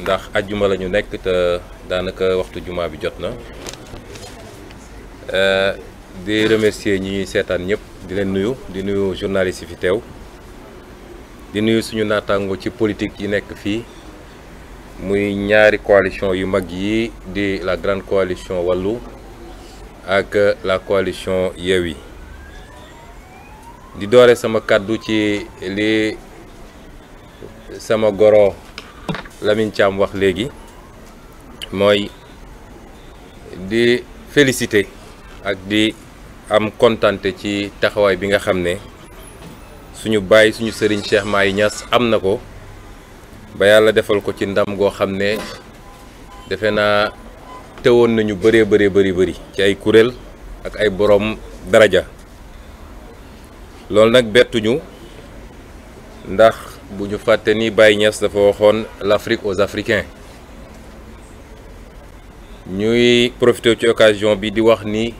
ndax ajjuma la ñu nekk te daanaka waxtu jumaa bi jot na euh, di remercier ñi seetaan ñëpp di leen nuyu di nuyu journaliste yi fi teew di nuyu suñu naataango ci politique yi nekk fii muy ñaari coalition yu mag yi di la grande coalition wàllu ak la coalition yi di doore sama kàddu ci li sama goro Lamine Thiam wax léegi mooy di félicité ak di am kontante ci taxawaay bi nga xam ne suñu bàyyi suñu sëriñ Cheikh Mahi ñas am na ko ba yàlla defal ko ci ndam goo xam ne defe naa tewoon nañu bëree bëree bari bëri ci ay kuréel ak ay boroom daraja loolu nag bettuñu ndax bu ñu fàtte ni Baye Niass dafa waxoon l'Afrique aux Africains ñuy profité ci occasion bi di wax ni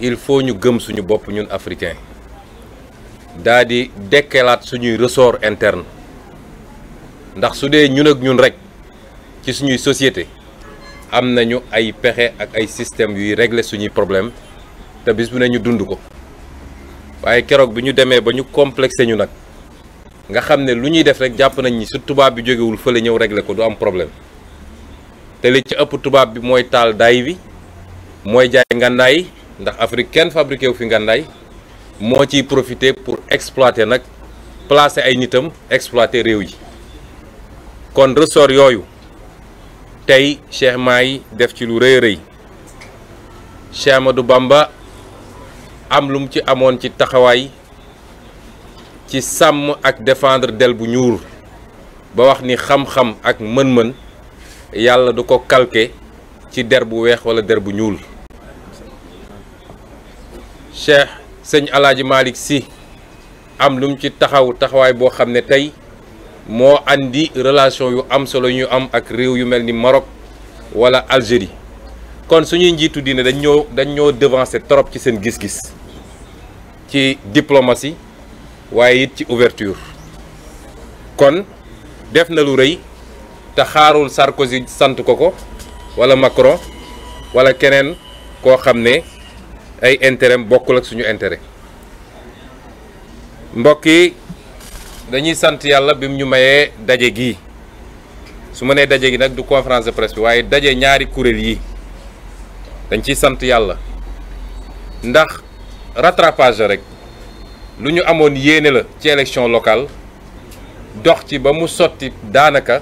il faut ñu gëm suñu bopp ñun africain daa di dekkelaat suñuy ressort interne ndax su dee ñun ak ñun rek ci suñuy société am nañu ay pexe ak ay système yuy régler suñuy problème te bis bu ne ñu dund ko waaye keroog bi ñu demee ba ñu complexé ñu nag nga xam ne lu ñuy def rek jàpp nañ ni su tubaab bi jógewul fële ñëw regle ko du am problème te li ci ëpp tubaab bi mooy taal daay bi mooy jaay ngàndaay ndax Afrique kenn fabriqué wu fi ngàndaay moo ciy profité pour exploiter nag placé ay nitam exploiter réew yi kon ressort yooyu tey Cheikh yi def ci lu rëy rëy Cheikh Amadou Bamba am lu ci amoon ci taxawaay ci sàmm ak defendre del bu ñuul ba wax ni xam-xam ak mën-mën yàlla du ko calqué ci der bu weex wala der bu ñuul cheikh sëñ alaaji Malick si am lum ci taxaw taxawaay boo xam ne tey moo indi relation yu am solo yu ñu am ak réew yu mel ni Maroc wala Algérie kon suñuy njiitu diine dañ ñoo dañ ñoo devancé trop ci seen gis-gis ci diplomasi waaye it ci ouverture kon def na lu rëy te xaarul Sarkozy sant ko ko wala Macron wala keneen koo xam ne ay intérêt bokkul ak suñu intérêt mbokk yi dañuy sant yàlla bi mu ñu mayee daje gi su ma nee daje gi nag du conférence de presse waaye daje ñaari kuréel yi dañ ciy sant yàlla ndax rattrapage rek. lu ñu amoon yéene la ci élection locale dox ci ba mu sotti daanaka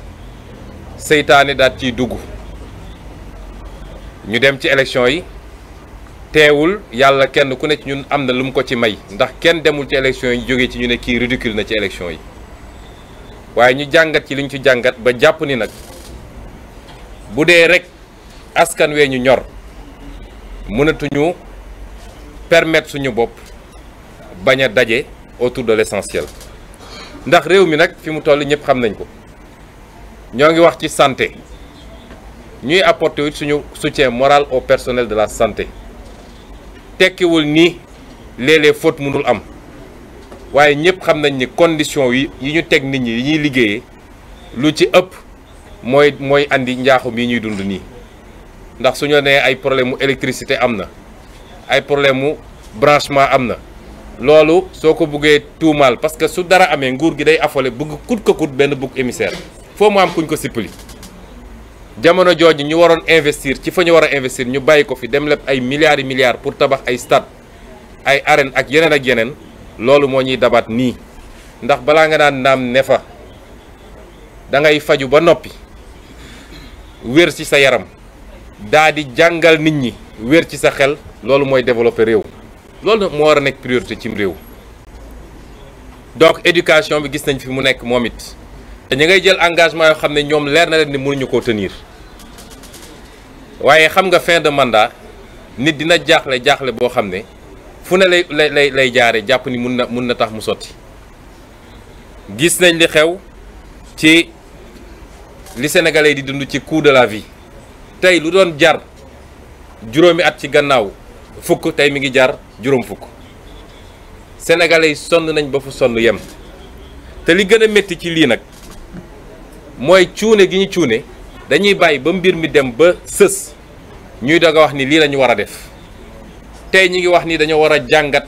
seytaane daat ciy dugg ñu dem ci élection yi teewul yàlla kenn ku ne ci ñun am na lu mu ko ci may ndax kenn demul ci élection yi jóge ci ñu ne kii ridicule na ci élection yi waaye ñu jàngat ci li ñu ci jàngat ba jàpp ni nag bu dee rek askan wee ñu ñor mënatuñu permettre suñu bopp bañ a daje autour de l'essentiel ndax réew mi nag fi mu toll ñëpp xam nañ ko ñoo ngi wax ci santé ñuy apporter wit suñu soutien morale au personnel de la santé tekkiwul ni léeg-léeg faute mënul am waaye ñëpp xam nañ ni condition yi yi ñu teg nit ñi yi ñuy liggéeye lu ci ëpp mooy mooy indi njaaxum yi ñuy dund nii ndax suñu ñu nee ay problème mu électricité am na ay problème mu branchement am na loolu soo ko buggee tuumaal parce que su dara amee nguur gi day affolé bëgg kut ko kut benn bouc émissaire foo mu am kuñ ko sippali jamono jooju ñu waroon investir ci fa ñu war a investir ñu bàyyi ko fi dem lépp ay milliards yi pour tabax ay stade ay arène ak yeneen ak yeneen loolu moo ñuy dabaat nii ndax balaa nga naan naam ne fa da ngay faju ba noppi wér ci sa yaram daa di jàngal nit ñi wér ci sa xel loolu mooy développer réew loolu nag moo war a nekk priorité cim réew donc éducation bi gis nañ fi mu nekk moom it te ñu ngay jël engagement yoo xam ne ñoom leer na leen ni mënuñu koo tenir waaye xam nga fin de mandat nit dina jaaxle jaaxle boo xam ne fu ne lay lay jaare jàpp ni mun na mun na tax mu sotti gis nañ li xew ci li sénégalais di dund ci coût de la vie tey lu doon jar juróomi at ci gannaaw fukk tey mi ngi jar juróom fukk sénégalais yi sonn nañ ba fu sonn yem te li gën a métti ci lii nag mooy cuune gi ñu cuune dañuy bàyyi ba mbir mi dem ba sës ñuy doga wax ni lii lañu ñu war a def tey ñu ngi wax ni dañoo war a jàngat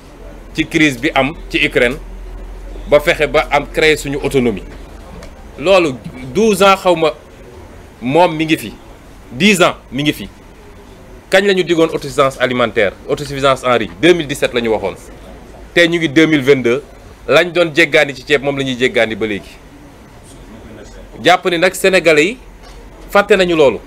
ci crise bi am ci Ukraine ba fexe ba am créer suñu autonomie loolu 12 ans xaw ma moom mi ngi fi 10 ans mi ngi fi kañ la ñu digoon autosuffisance alimentaire autosuffisance en riz 2017 la ñu waxoon tey ñu ngi 2022 lañ doon jéggaani ci ceeb moom lañuy ñuy jéggaani ba léegi jàpp ni nag sénégalais yi fàtte nañu loolu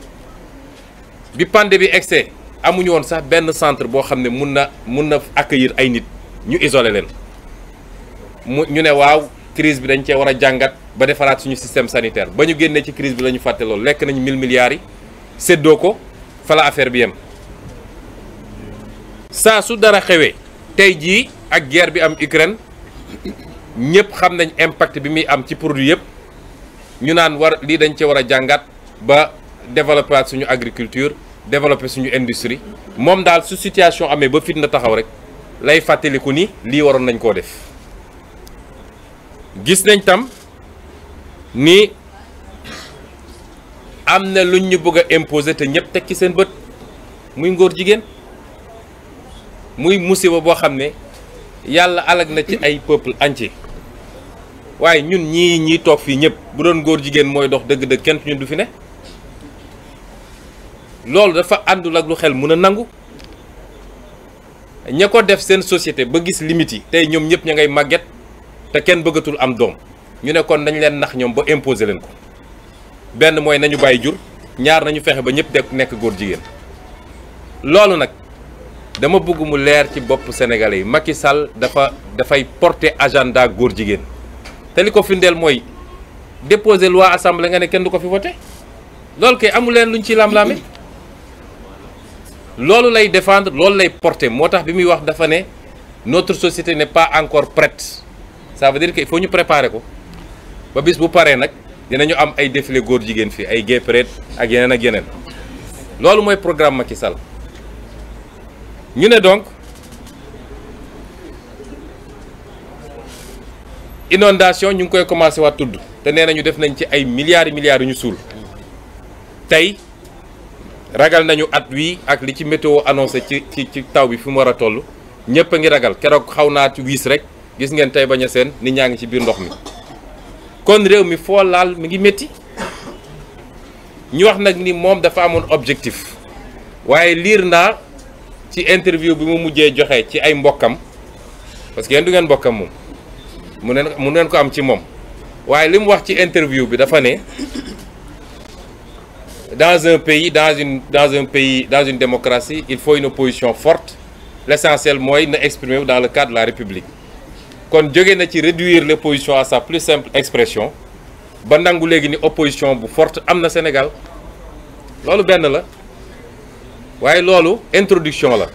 bi pandémie bi excès amuñu woon sax benn centre boo xam ne mun na mun na accueillir ay nit ñu isolé leen mu ñu ne waaw crise bi dañ cee war a jàngat ba defaraat suñu système sanitaire ba ñu génnee ci crise bi la ñu fàtte loolu lekk nañu mille milliards yi séddoo ko fala affaire bi yem saa su dara xewee tey jii ak guerre bi am Ukraine ñëpp xam nañ impact bi muy am ci produit yëpp ñu naan war lii dañ ci war a jàngat ba développer suñu agriculture développer suñu industrie moom daal su situation amee ba fitna taxaw rek lay fàttaliku ni lii waroon nañ koo def gis nañ tam ni am na luñ ñu bëgg a imposer te ñëpp teg ci seen bët muy ngóor jigéen muy musiba boo xam ne yàlla alag na ci ay peuple entier waaye ñun ñii ñii toog fii ñëpp bu doon góor jigéen mooy dox dëgg-dëgg kenn ñun du fi ne loolu dafa àndul ak lu xel mun a nangu ña ko def seen société ba gis limites yi tey ñoom ñëpp ña ngay màgget te kenn bëggatul am doom ñu nekkoon kon leen nax ñoom ba imposer leen ko benn mooy nañu bàyyi jur ñaar nañu fexe ba ñëpp de nekk góor jigéen loolu nag dama bëgg mu leer ci bopp sénégalais yi Macky Sall dafa dafay porter agenda góor jigéen te li ko firndeel mooy déposer loi assemblée nga ne kenn du ko fi voté loolu kay amu leen lu ñu ciy lam-laame loolu lay defendre loolu lay porter moo tax bi muy wax dafa ne notre société ne pas encore prête ça veut dire que il ñu préparer ko ba bis bu paree nag dinañu am ay défilé góor jigéen fii ay gay parade ak yeneen ak yeneen loolu mooy programme Macky Sall ñu ne donc inondation ñu ngi koy commencé waat tudd te nee nañu def nañ ci ay milliards milliards yu ñu suul tey ragal nañu at wi ak li ci météo annoncé ci ci ci taw bi fi mu war a toll ñëpp a ngi ragal keroog xaw naa ci wiis rek gis ngeen tey bañ a seen ni ñaa ngi ci biir ndox mi kon réew mi foo laal mi ngi métti ñu wax nag ni moom dafa amoon objectif waaye liir naa. ci interview bi mu mujjee joxe ci ay mbokkam parce que yéen du ngeen mbokkam moom mu neen mu neen ko am ci moom waaye li mu wax ci interview bi dafa ne dans un pays dans une dans un pays dans une démocratie il faut une opposition forte l'essentiel mooy na exprimer dans le cadre la république kon jóge na ci réduire l'opposition à sa plus simple expression ba nangu léegi ni opposition bu forte am na Sénégal loolu benn la waaye loolu introduction la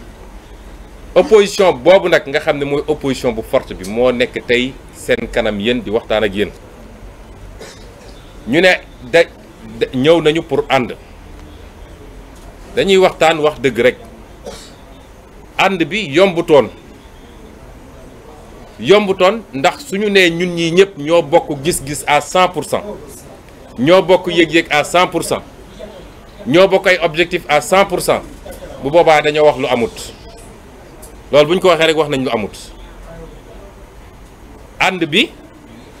opposition boobu nag nga xam ne mooy opposition bu forte bi moo nekk tey seen kanam yéen di waxtaan ak yéen ñu ne da ñëw nañu pour ànd dañuy waxtaan wax dëgg rek ànd bi yombutoon yombutoon ndax su ñu nee ñun ñii ñëpp ñoo bokk gis-gis à 100 pour cent ñoo bokk yëg-yëg à 100 pour cent ñoo bokk ay objectif à 100 pour cent bu boobaa dañoo wax lu amut loolu bu ñu ko waxee rek wax nañ lu amut ànd bi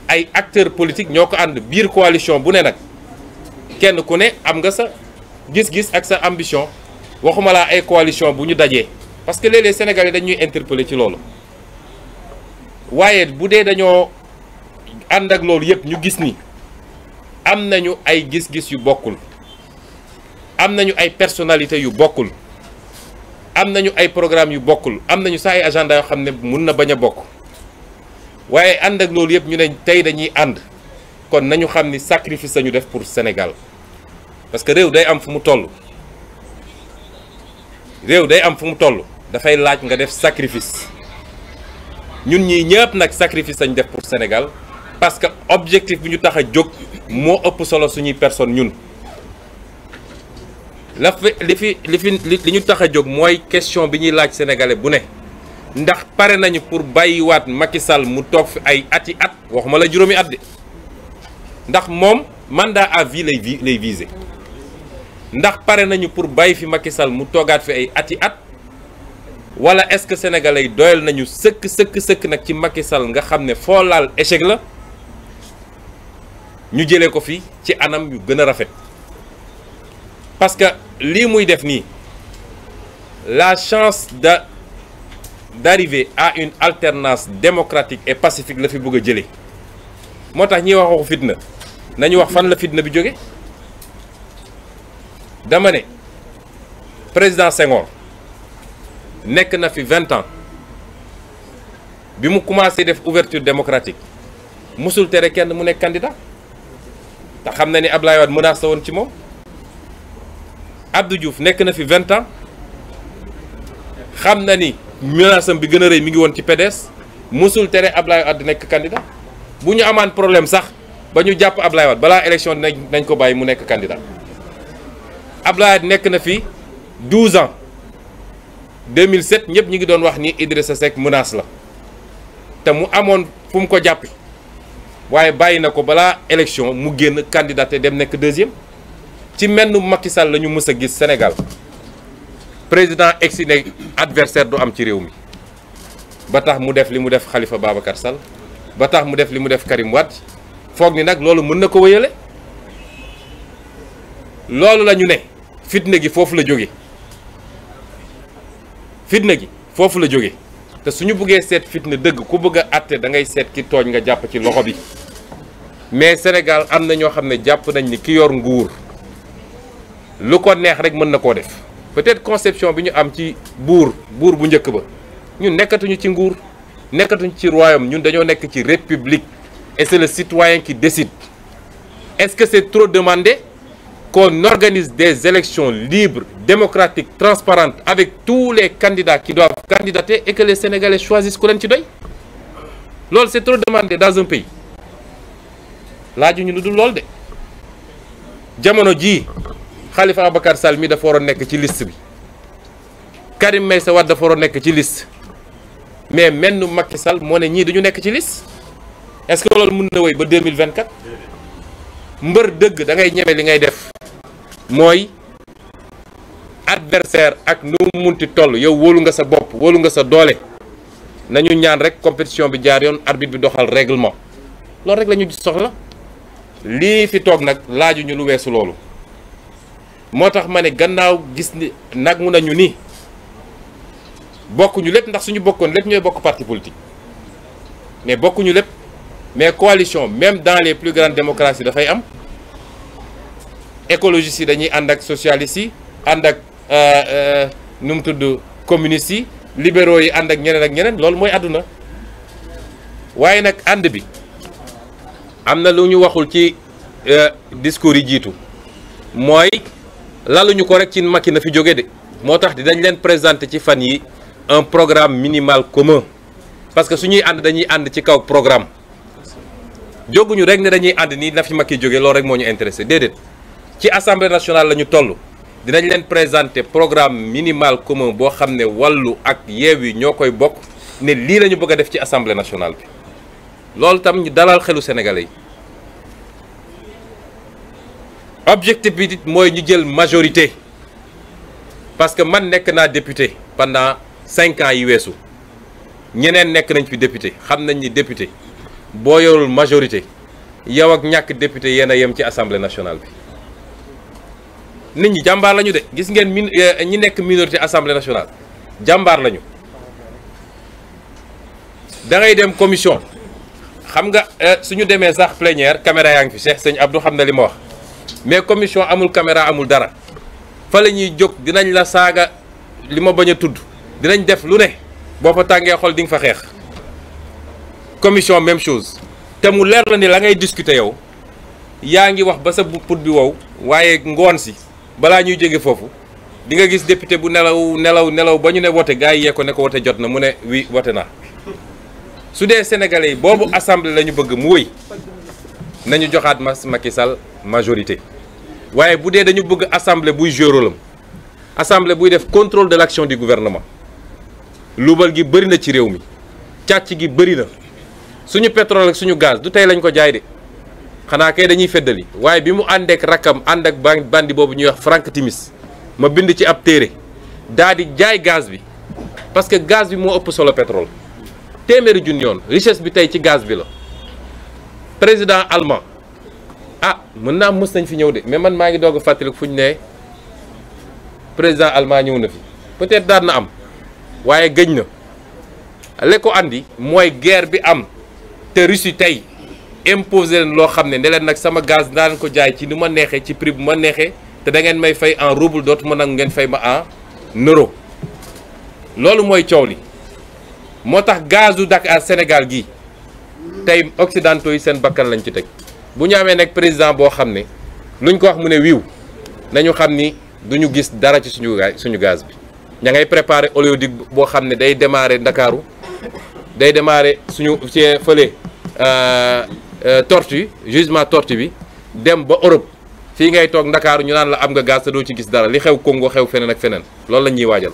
ay acteurs politiques ñoo ko ànd biir coalition bu ne nag kenn ku ne am nga sa gis-gis ak sa ambition waxuma laa ay coalition bu ñu dajee parce que léeg sénégal Sénégalais dañuy interpeller ci loolu waaye bu dee dañoo ànd ak loolu yépp ñu gis ni am nañu ay gis-gis yu bokkul am nañu ay personnalité yu bokkul am nañu ay programme yu bokkul am nañu saa ay agenda yoo xam ne mun na bañ a bokk waaye ànd ak loolu yëpp ñu ne tey dañuy ànd kon nañu xam ni sacrifice sañu def pour Sénégal parce que réew day am fu mu toll réew day am fu mu toll dafay laaj nga def sacrifice ñun ñii ñëpp nag sacrifice lañu def pour Sénégal parce que objectif bi ñu tax a jóg moo ëpp solo suñuy personne ñun la li fi li fi li ñu tax a jóg mooy question bi ñuy laaj sénégalais bu ne ndax pare nañu pour bàyyiwaat Macky Sall mu toog fi ay ati at waxuma la juróomi at de ndax moom mandat à vie lay vi lay visé ndax pare nañu pour bàyyi fi Macky Sall mu toogaat fi ay ati at wala est-ce que sénégalais yi doyal nañu sëkk sëkk sëkk nag ci Macky Sall nga xam ne foo laal échec la ñu jëlee ko fi ci anam yu gën a rafet. parce que lii muy def nii la chance de d'arriver à une alternance démocratique et pacifique la fi bëgg a jëlee moo tax ñiy wax waxu fitna nañu wax fan la fitna bi jóge dama ne président Senghor nekk na fi vingt ans bi mu commencé def ouverture démocratique musul tere kenn mu nekk candidat te xam na ni Ablaye Wade menace la woon ci moom Abdou Diouf nekk na fi vingt ans xam na ni menace bi gën a rëy mi ngi woon ci PDS mosul tere Ablaye Wade nekk candidat bu ñu amaan problème sax ba ñu jàpp Ablaye Wade balaa élection dinañ nañ ko bàyyi mu nekk candidat Ablaye Wade nekk na fi douze ans 2007 ñëpp ñu ngi doon wax ni Idrissa Seck menace la te mu amoon fu mu ko jàppi waaye bàyyi na ko balaa élection mu génn candidat dem nekk deuxième. ci menn Macky Sall la mës a gis senegal président egsi ne adversaire du am ci réew mi ba tax mu def li mu def xalifa Babacar sal ba tax mu def li mu def Karim Wade foog ni nag loolu mën na ko wéyale loolu la ñu ne fitna gi foofu la jóge fitna gi foofu la jóge te suñu bëggee seet fitna dëgg ku bëgg a àtte da ngay seet ki tooñ nga jàpp ci loxo bi mais Sénégal am na ñoo xam ne jàpp nañ ni ki yor nguur lu ko neex rek mën na koo def peut-être conception bi ñu am ci buur buur bu njëkk ba ñu nekkatuñu ci nguur nekkatuñu ci royaume ñun dañoo nekk ci république et c'est le citoyen qui décide est-ce que c'est trop demandé qu'on organise des élections libres démocratiques transparentes avec tous les candidats ki doivent candidater et que les Sénégalais choisissent ku leen ci doy loolu c'est trop demandé dans un pays laajuñu lu dul lool de jamono jii Khalifa Abacar Sall mi dafa war a nekk ci list bi Karim Meïssa Wade dafa war nekk ci liste mais menn Macky Sall moo ne ñii dañu nekk ci liste est-ce que loolu mën na wéy ba 2024 mbër dëgg dangay ngay ñeme li ngay def mooy adversaire ak nu mu munti toll yow wóolu nga sa bopp wóolu nga sa doole nañu ñaan rek compétition bi jaar yoon arbit bi doxal règlement loolu rek lañu ñu soxla lii fi toog nag laajuñu lu weesu loolu moo tax ma ne gannaaw gis ni nag mu nañu ni bokkuñu lépp ndax suñu bokkoon lépp ñooy bokk parti politique mais bokkuñu lépp mais coalition même dans les plus grandes démocraties dafay am écologistes yi dañuy ànd ak socialistes yi ànd ak euh, euh, nu mu tudd communistes yi libéraux yi ànd ak ñeneen ak ñeneen loolu mooy àdduna waaye nag ànd bi am na lu ñu waxul ci euh, discours yi jiitu mooy ñu ko rek ci Macky na fi jóge de moo tax dinañ leen présenté ci fan yi un programme minimal commun parce que suñuy ànd dañuy ànd ci kaw programme jóguñu rek ne dañuy ànd nii na fi Macky jóge loolu rek moo ñu intéressé déedéet ci assemblée nationale la ñu toll dinañ leen présenter programme minimal commun boo xam ne wàllu ak yi ñoo koy bokk ne lii la ñu bëgg a def ci assemblée nationale bi loolu tam ñu dalal xelu sénégalais yi objectif bi it mooy ñu jël majorité parce que man nekk naa député pendant cinq ans yi weesu ñeneen nekk nañ fi député xam nañ ni député boo yorul majorité yow ak ñàkk député yéen a yem ci assemblée nationale bi nit ñi jàmbaar lañu de gis ngeen min eh, ñi nekk minorité assemblée nationale jàmbaar lañu da ngay dem commission xam nga eh, su ñu demee sax plénière caméra yaa ngi fi Cheikh sëñ Abdou xam na li ma wax. mais commission amul caméra amul dara fa la ñuy jóg dinañ la saaga li ma bañ a tudd dinañ def lu ne boo fa tàngee xol dinga fa xeex commission même chose te mu leer la ni la ngay discuter yow yaa ngi wax ba sa put bi wow waaye ngoon si balaa ñuy jóge foofu di nga gis député bu nelaw nelaw nelaw ba ñu ne wote gars yee ko ne ko wote jot na mu ne wi wote naa su dee sénégalais boobu assemblée la ñu bëgg mu wëy nañu joxaat mas Macky Sall majorité waaye bu dee dañu bëgg assemblée buy jouer rôle am buy def contrôle de l'action du gouvernement luubal gi bëri na ci réew mi càcc gi bëri na suñu pétrole ak suñu gaz du tey lañ ko jaay de xanaa kay dañuy feddali waaye bi mu ànd ak rakkam ànd ak bandi boobu ñuy wax Frank Timis ma bind ci ab téere daa di jaay gaz bi parce que gaz bi moo ëpp solo pétrole téeméeri junni yoon richesse bi tey ci gaz bi la président allemand ah mën naa mës nañ fi ñëw de mais man maa ngi doog a fàttali fu ñu ne président allemand ñëw na fi peut-être daan na am waaye gëñ na li ko andi mooy guerre bi am te Russie tey imposé leen loo xam ne ne leen nag sama gaz daan ko jaay ci ni ma neexee ci prix bu ma neexee te da ngeen may fay en rouble dootuma nangu ngeen fay ma en euro loolu mooy coow li moo tax gazu Dakar Sénégal gi tey occidentaux yi seen bakkan lañ ci teg bu ñu amee nag président boo xam ne lu luñ ko wax mu ne wiiw nañu xam ni duñu gis dara ci suñu gaay suñu gaz bi ña ngay préparé oliodique boo xam ne day démarré Ndakaaru day démarré suñu ci fële euh, euh, tortu gisement tortue bi dem ba Europe fii ngay toog Ndakaaru ñu naan la am nga gaz te doo ci gis dara li xew Congo xew feneen ak feneen loolu la ñuy waajal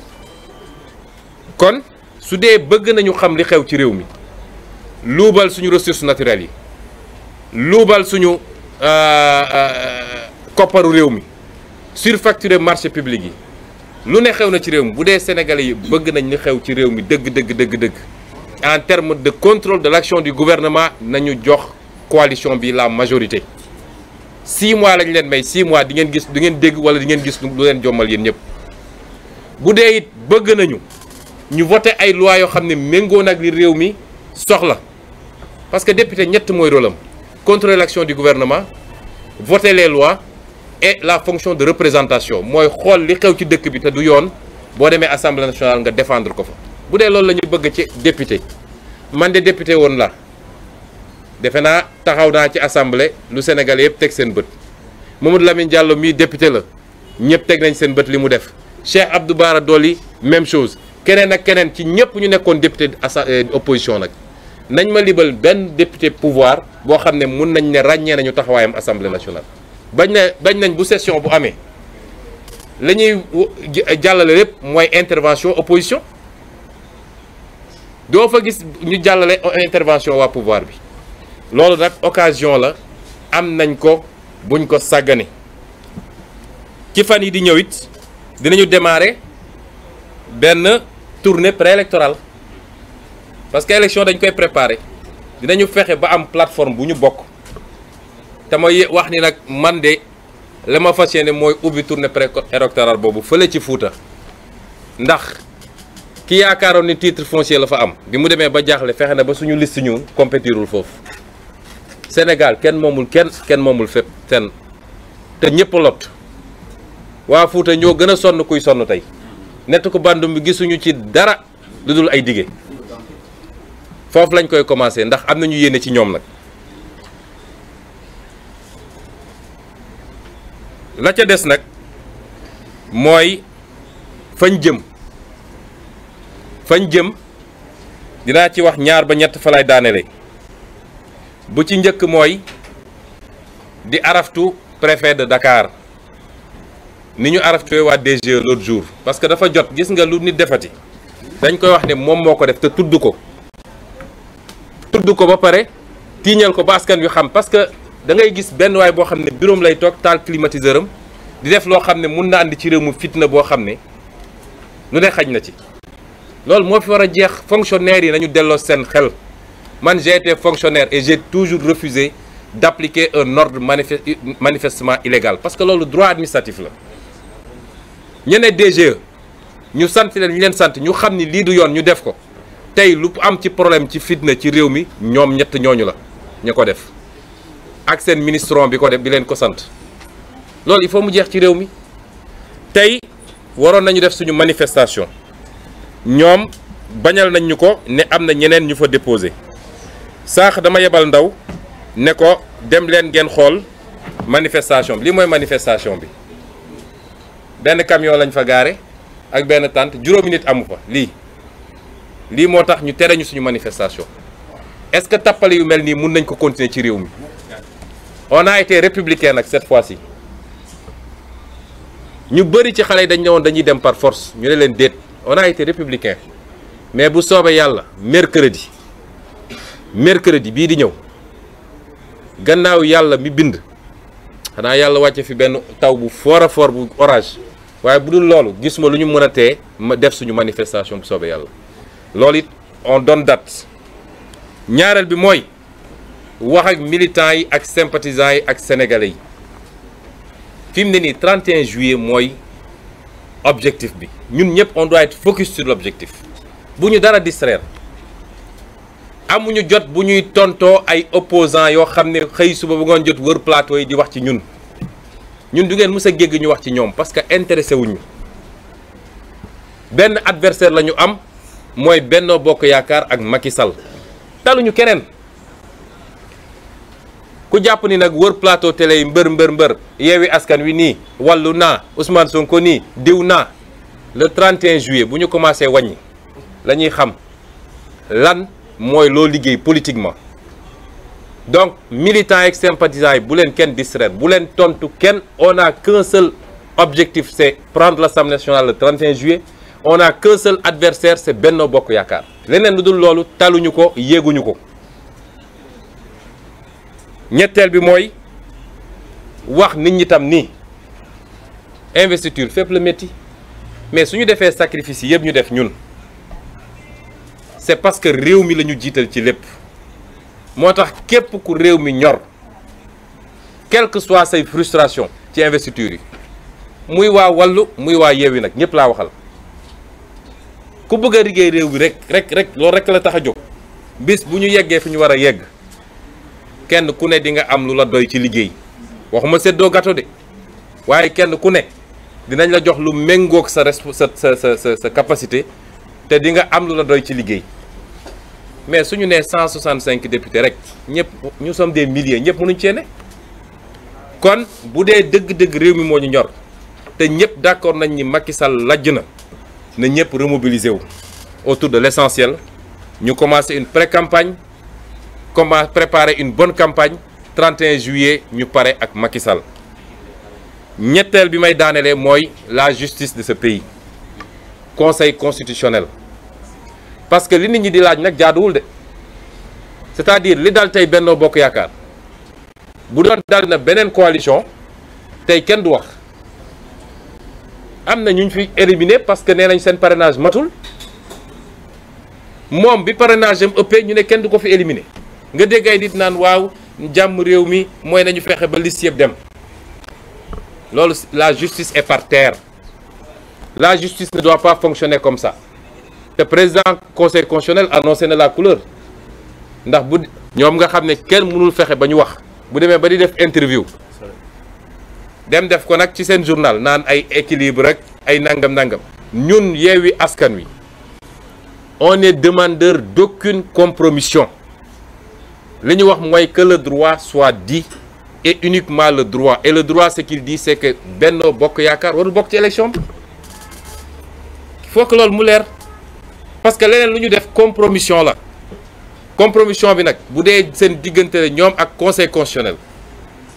kon su dee bëgg nañu xam li xew ci réew mi luubal suñu ressources naturelles yi luubal suñu euh, euh, kopparu réew mi surfacturer marché public yi lu ne xew na ci réew mi bu dee sénégalais yi bëgg nañ li xew ci réew mi dëgg dëgg dëgg dëgg en terme de contrôle de l'action du gouvernement nañu jox coalition bi la majorité six mois lañ leen may six mois di ngeen gis du ngeen dégg wala di ngeen gis lu leen jommal yéen ñëpp bu dee it bëgg nañu ñu voté ay loi yoo xam ne méngoo nag li réew mi soxla parce que député ñett mooy rôle am contrôler l'action du gouvernement voter les lois et la fonction de représentation mooy xool li xew ci dëkk bi te du yoon boo demee assemblée nationale nga défendre ko fa bu dee loolu la ñu bëgg ci député man de député woon la defe naa taxaw naa ci assemblée lu sénégalais yëpp teg seen bët Mamadou Lamine Diallo mii député la ñëpp teg nañ seen bët li mu def Cheikh Abdou Bara dooli même chose keneen ak keneen ci ñëpp ñu nekkoon député euh, opposition nag nañ ma libal benn député pouvoir boo xam ne mun nañ ne ràññee nañu taxawaayam assemblée nationale bañ ne bañ nañ bu session bu amee la ñuy jàllale lépp mooy intervention opposition doo fa gis ñu jàllale intervention waa pouvoir bi loolu nag occasion la am nañ ko buñ ko sàggane ci fan yi di ñëw it dinañu démarrer benn tournée préélectorale parce que élection dañ koy préparer dinañu fexe ba am plateforme bu ñu bokk te ma wax ni nag man de la ma fas yéene mooy ubbi tournée pré-électorale boobu fële ci Fuuta ndax ki yaakaaroon ni titre foncier la fa am bi mu demee ba jaaxle fexe na ba suñu liste ñu compétirul foofu Sénégal kenn moomul kenn kenn moomul fépp te ñëpp lot waa Fuuta ñoo gën a sonn kuy sonn tey nett ko bandum bi gisuñu ci dara lu dul ay dige foofu lañ koy commencé ndax am nañu yéene ci ñoom nag la ca des nag mooy fañ jëm fañ jëm dinaa ci wax ñaar ba ñett fa lay bu ci njëkk mooy di araftu préfet de Dakar ni ñu araftuwee waa DGE l'autre jour parce que dafa jot gis nga lu nit defati dañ koy wax ne moom moo ko def te tudd ko tudd ko ba pare tiiñal ko ba askan wi xam parce que da ngay gis benn waay boo xam ne bureau lay toog taal climatiseur am di def loo xam ne mun na andi ci réew mu fitna boo xam ne lu ne xaj na ci. loolu moo fi war a jeex fonctionnaire yi nañu delloo seen xel man j'ai été fonctionnaire et j'ai toujours refusé d'appliquer un ordre manifes manifestement illégal parce que loolu droit administratif la ñeneen DGE ñu sant leen ñu leen sant ñu xam ni lii du yoon ñu def ko. tey lu am ci problème ci fitna ci réew mi ñoom ñett ñooñu la ñu ko def ak seen ministron bi ko def bi leen ko sant loolu il faut mu jeex ci réew mi tey waroon nañu def suñu manifestation ñoom bañal nañ ñu ko ne am na ñeneen ñu fa déposé saax dama yebal ndaw ne ko dem leen ngeen xool manifestation bi lii mooy manifestation bi benn camion lañ fa gaare ak benn tànt juróomi nit amu fa lii lii moo tax ñu tere ñu suñu manifestation est-ce que tappale yu mel nii mun nañ ko continuer ci réew mi on a républicain nag cette fois si ñu bëri ci xale yi dañ ne dañuy dem par force ñu ne leen déet on a républicain mais bu soobee yàlla mercredi mercredi bii di ñëw gannaaw yàlla mi bind xanaa yàlla wàcce fi benn taw bu fort a fort bu orage waaye bu dul loolu gis ma lu ñu mën a tee ma def suñu manifestation bu soobee yàlla. loolu it on donne date ñaareel bi mooy wax ak militants yi ak sympathisants yi ak sénégalais yi fi mu ne nii 31 juillet mooy objectif bi ñun ñëpp on doit être focus sur l'objectif bu ñu dara distraire amuñu jot bu ñuy tontoo ay opposants yoo xam ne xëy suba bu ngoon jot wër plateau yi di wax ci ñun ñun du ngeen mës a gégg ñu wax ci ñoom parce que intéressé wuñu benn adversaire la ñu am mooy Benno Bokk Yaakaar ak Macky Sall taluñu keneen ku jàpp ni nag wër plateau télé yi mbër mbër mbër yeewi askan wi nii wàllu naa Ousmane Sonko nii diw naa le 31 juillet bu ñu commencé wàññi la ñuy xam lan mooy loo liggéey politiquement donc militants et sympathisants yi bu leen kenn distraire bu leen tontu kenn on a qu'un seul objectif c'est prendre l'Assemblée nationale le 31 juillet on a qu'un seul adversaire c'est benn Bokk Yaakaar leneen lu dul loolu taluñu ko yéeguñu ko ñetteel bi mooy wax nit ñi tam nii investiture fépp la métti mais su ñu defee sacrifice yëpp ñu def ñun c'est parce que réew mi la ñu jiital ci lépp moo tax képp ku réew mi ñor quelle que soit say frustration ci investiture yi muy waa wallu muy waa yeewi nag ñëpp laa waxal ku bëgg a liggéey réew bi rek rek rek loolu rek la tax a jóg bis bu ñu yeggee fi ñu war a yegg kenn ku ne dinga am lu la doy ci liggéey waxuma séddoo gâteau de waaye kenn ku ne dinañ la jox lu méngoog sa sa sa sa sa capacité te di nga am lu la doy ci liggéey mais suñu nee cent 165 députés rek ñëpp ñu sommes des milliers ñëpp mënuñ cee ne kon bu dee dëgg-dëgg réew mi moo ñu ñor te ñëpp d'accord nañ ni Macky Sall lajj na. na ñëpp remobiliser wu autour de l'essentiel ñu commencer une pré-campagne commencer préparer une bonne campagne 31 juillet ñu pare ak Macky Sall ñetteel bi may daanelee mooy la justice de ce pays conseil constitutionnel parce que li nit ñi di laaj nag jaaduwul de c'est-à-dire li dal tey Benno Bokk Yaakaar bu doon dal na beneen coalition tey kenn du wax am na ñu fi éliminé parce que nee nañ seen parrainage matul moom bi parrainage am ëppee ñu ne kenn du ko fi éliminé nga dégg nit naan waaw jàmm réew mi mooy nañu fexe ba liste yëpp dem loolu la justice est par terre la justice ne doit pas fonctionner comme ça te président conseil constitutionnel annoncé na la couleur ndax bu ñoom nga xam ne kenn mënul fexe ba ñu wax bu demee ba di def interview dem def ko nag ci seen journal naan ay équilibre rek ay nangam nangam ñun yeewi askan wi on est demandeur d'aucune compromission li ñu wax mooy que le droit soit di et uniquement le droit et le droit ce qu'il que Benno Bokk Yaakaar warul bokk ci élection il faut que loolu mu leer parce que leneen lu ñu def compromission la compromission bi nag bu dee seen diggante la ñoom ak conseil constitutionnel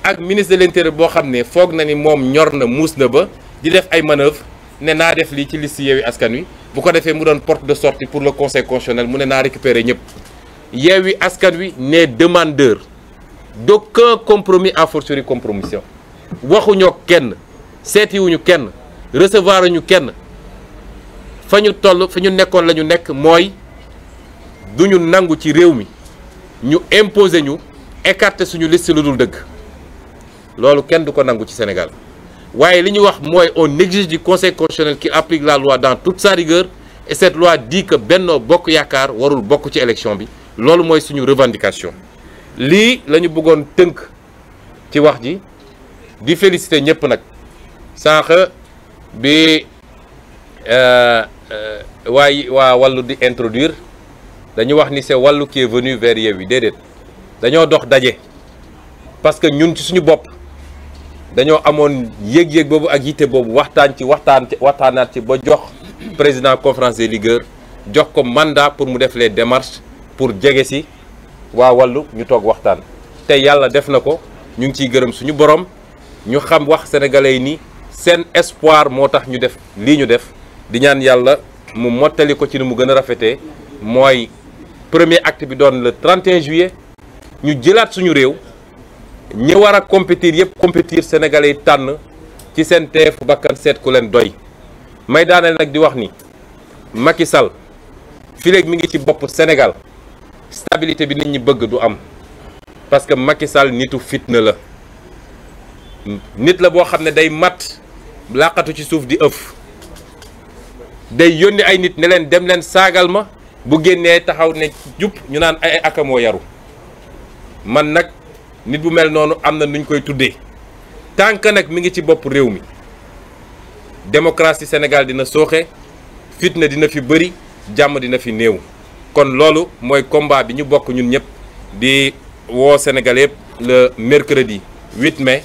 ak ministre de l'intérieur boo xam ne foog na ni moom ñor na muus na ba di def ay manœuvre ne naa def lii ci liste Yewwi Askan Wi bu ko defee mu doon porte de sortie pour le conseil constitutionnel mu ne naa récupérer ñëpp Yewwi Askan Wi n'est demandeur d'aucun compromis à fortiori compromission waxuñoo kenn seetiwuñu kenn recevoir ñu kenn fa ñu toll fa ñu nekkoon la ñu nekk mooy duñu nangu ci réew mi ñu imposer ñu écarter suñu liste lu dul dëgg loolu kenn du ko nangu ci Sénégal waaye li ñu wax mooy on exige du conseil constitutionnel qui applique la loi dans toute sa rigueur et cette loi dit que Benno Bokk Yaakaar warul bokk ci élection bi loolu mooy suñu revendication lii lañu bëggoon tënk ci wax ji di féliciter ñëpp nag sànq bi waaye euh, euh, waa wàllu di introduire dañu wax ni se wàllu qui est venu vers yi déedéet dañoo dox daje parce que ñun ci suñu bopp dañoo amoon yéeg-yéeg boobu ak yitte boobu waxtaan ci waxtaan ci waxtaanaat ci ba jox président conférence des jox ko mandat pour mu def les démarche pour jege si waa wallu ñu toog waxtaan te yàlla def na ko ñu ngi ciy gërëm suñu borom ñu xam wax sénégalais yi ni seen espoire moo tax ñu def lii ñu def di ñaan yàlla mu mottali ko ci ni mu gën a rafetee mooy premier acte bi doon le 31 juillet ñu jëlaat suñu réew ñi war a compétir yëpp compétir sénégalais tànn ci seen teefu bakkan seet ku leen doy may daaneel nag di wax ni Macky Sall fii léegi mi ngi ci bopp senegal stabilité bi nit ñi bëgg du am parce que Macky Sall nitu fitna la nit la boo xam ne day mat làqatu ci suuf di ëf day yónni ay nit ne leen dem leen saagal ma bu génnee taxaw ne jub ñu naan ay akamoo yaru man nag nit bu mel noonu am na nuñ koy tuddee tant que nag mi ngi ci bopp réew mi démocratie Sénégal dina sooxe fitna dina fi bëri jàmm dina fi néew. kon loolu mooy combat bi ñu bokk ñun ñëpp di woo Sénégal yëpp le mercredi 8 mai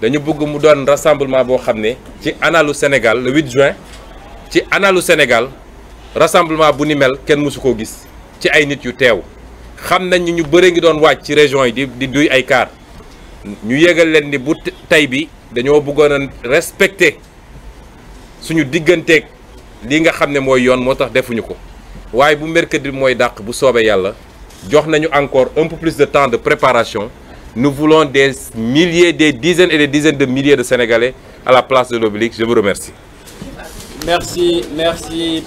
dañu bëgg mu doon rassemblement boo xam ne ci analu Sénégal le 8 juin ci analu Sénégal rassemblement bu ni mel kenn mësu koo gis ci ay nit yu teew. xam nañ ni ñu bëre ngi doon wàcc ci région yi di duy ay kaar ñu yégal leen ni bu tey bi dañoo bëggoon a respecter suñu digganteeg li nga xam ne mooy yoon moo tax defuñu ko waaye bu mercredi mooy dàq bu soobee yàlla jox nañu encore un plus de temps de préparation nous des milliers des dizaines et des dizaines de milliers de Sénégalais à la place de l'obélisque je vous remercie merci